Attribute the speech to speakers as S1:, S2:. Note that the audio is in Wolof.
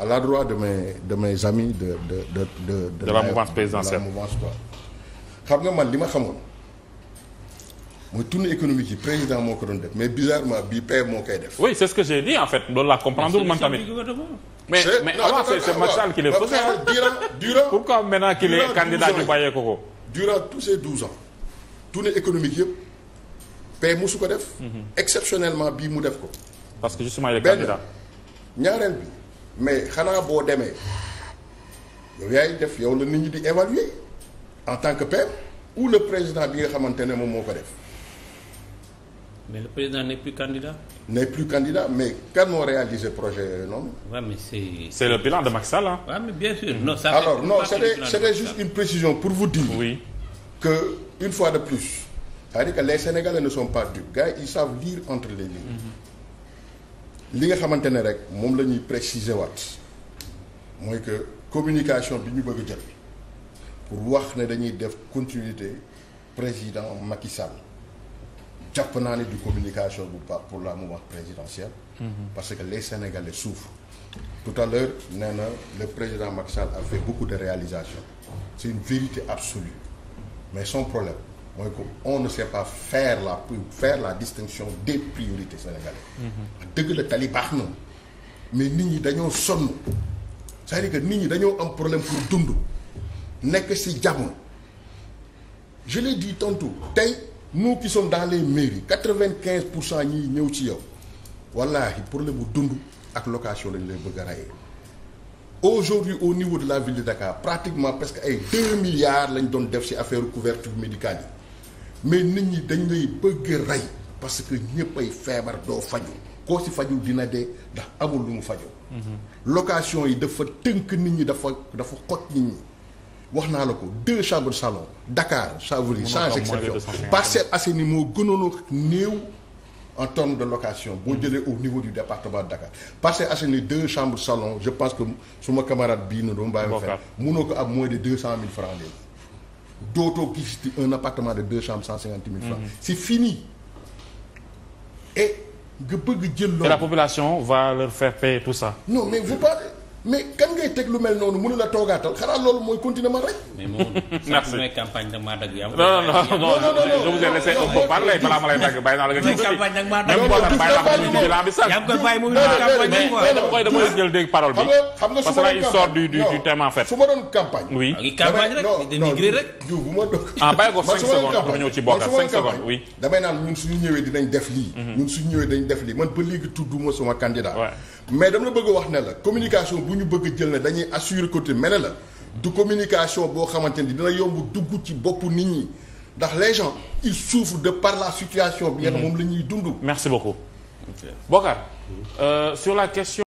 S1: à l'endroit de mes de mes de de de de. de, de la mouvance présidentielle la mouvance quoi. xam nga man li ma xamoon mooy tournée économique yi président moo ko doon def mais bizarrement bii PM e moo koy def. oui c'est ce que j'ai dit en fait loolu laa comprendre man tamit. mais mais avant c'est Macky Sall qui le faisait durant durant pourquoi maintenant qu'il est candidat ñu ko ko. durant tous ces douze e ko def. Mhm. exceptionnellement bii mu def ko. parce que justement il est bi mais xanaa boo demee yow yaay def yow la nit ñi di évaluer en tant que père ou le président bi nga xamante ne moom moo ko def. mais le président n'est plus candidat. n'est plus candidat mais kan moo réalisé projet yooyu noonu. waaw mais c'est. c'est le bilan de Macky Sall ah. waaw mais alors non c'était juste une précision pour vous dire. que une fois de plus. c'est-à-dire que les Sénégalais ne sont pas dupes gars yi ils lire entre les lignes. Mm-hmm. li nga xamante ne rek moom la ñuy préciser waat mooy que communication bi ñu bëgg a jël pour wax ne dañuy def continuité président Macky Sall jàpp naa ne du communication bu baax pour la mouvance présidentielle. Mhm. parce que les Sénégalais suuf tout à l'heure nee na le président Macky Sall a fait beaucoup de réalisations c'est une vérité absolue mais son problème. mooy que on ne sait pas faire la faire la distinction des priorités sénégalaises. Mhm. dëgg la tali baax na mais nit ñi dañoo sonn cest à que nit ñi dañoo am problème pour dund nekk si jàmm je l'ai dit tantôt tey nous qui sommes dans les mairies quatre-vingt-quinze pour cent ñiy ñëw ci yow wallaahi problème bu dund ak location lañ lay bëgg a rayee aujourd'hui au niveau de la ville de Dakar pratiquement presque ay deux milliards lañ doon def ci affaire couverture médicale yi mais nit ñi dañu lay bëgg rey parce que ñëpp ay feebar doo faju koo si faju dina dee ndax amul lu mu fajoo mhm. location yi dafa tënk nit ñi dafa dafa xot nit ñi wax naa la ko deux chambres de salon Dakar ça veut dire sans exception moo gënoon a néew en termes de location boo mhm. jëlee au niveau du département de Dakar Parcelles Assainies deux chambres de salon je pense que suma camarade bii na doom bàyyi ma fen munoo ko am moins de deux cent mille francs léegi dootoo gis un appartement de deux chambres cent cinquante mille francs mhm. c'est fini et nga bëgg jël loolu. la population va leur faire payer tout ça. non mais vous parlez mais kan ngay teg lu mel noonu mënu la toogaatal xanaa loolu mooy continuer man rek. mais moom sax mooy campagne de maa dagg non non non non non non non laissé un peu parler balaa ma lay dagg bàyyi naa la nga. campagne nag maa dagg. même boo xam bàyyi naa ko ñu bi la am bi sax. yaa ngi koy bàyyi mu ngi campagne bi quoi. damay damay jël dégg parole bi xam nga xam nga su ma doon campagne ma doon campagne. oui ak i campagne rek naan ñun suñu ñëwee dinañ def lii. Mhm. ñun suñu ñëwee dañ def lii man ba léegi tudduma sama candidat. mais dama bëgg wax ne communication bu ñu bëgg jël ne dañuy assurer côté mel la du communication boo xamante ni dina yomb dugg ci bopp nit ñi ndax les gens ils de par la situation. bi yenn mhm. moom la ñuy dund. merci beaucoup. Okay. Bokar, euh, sur la question.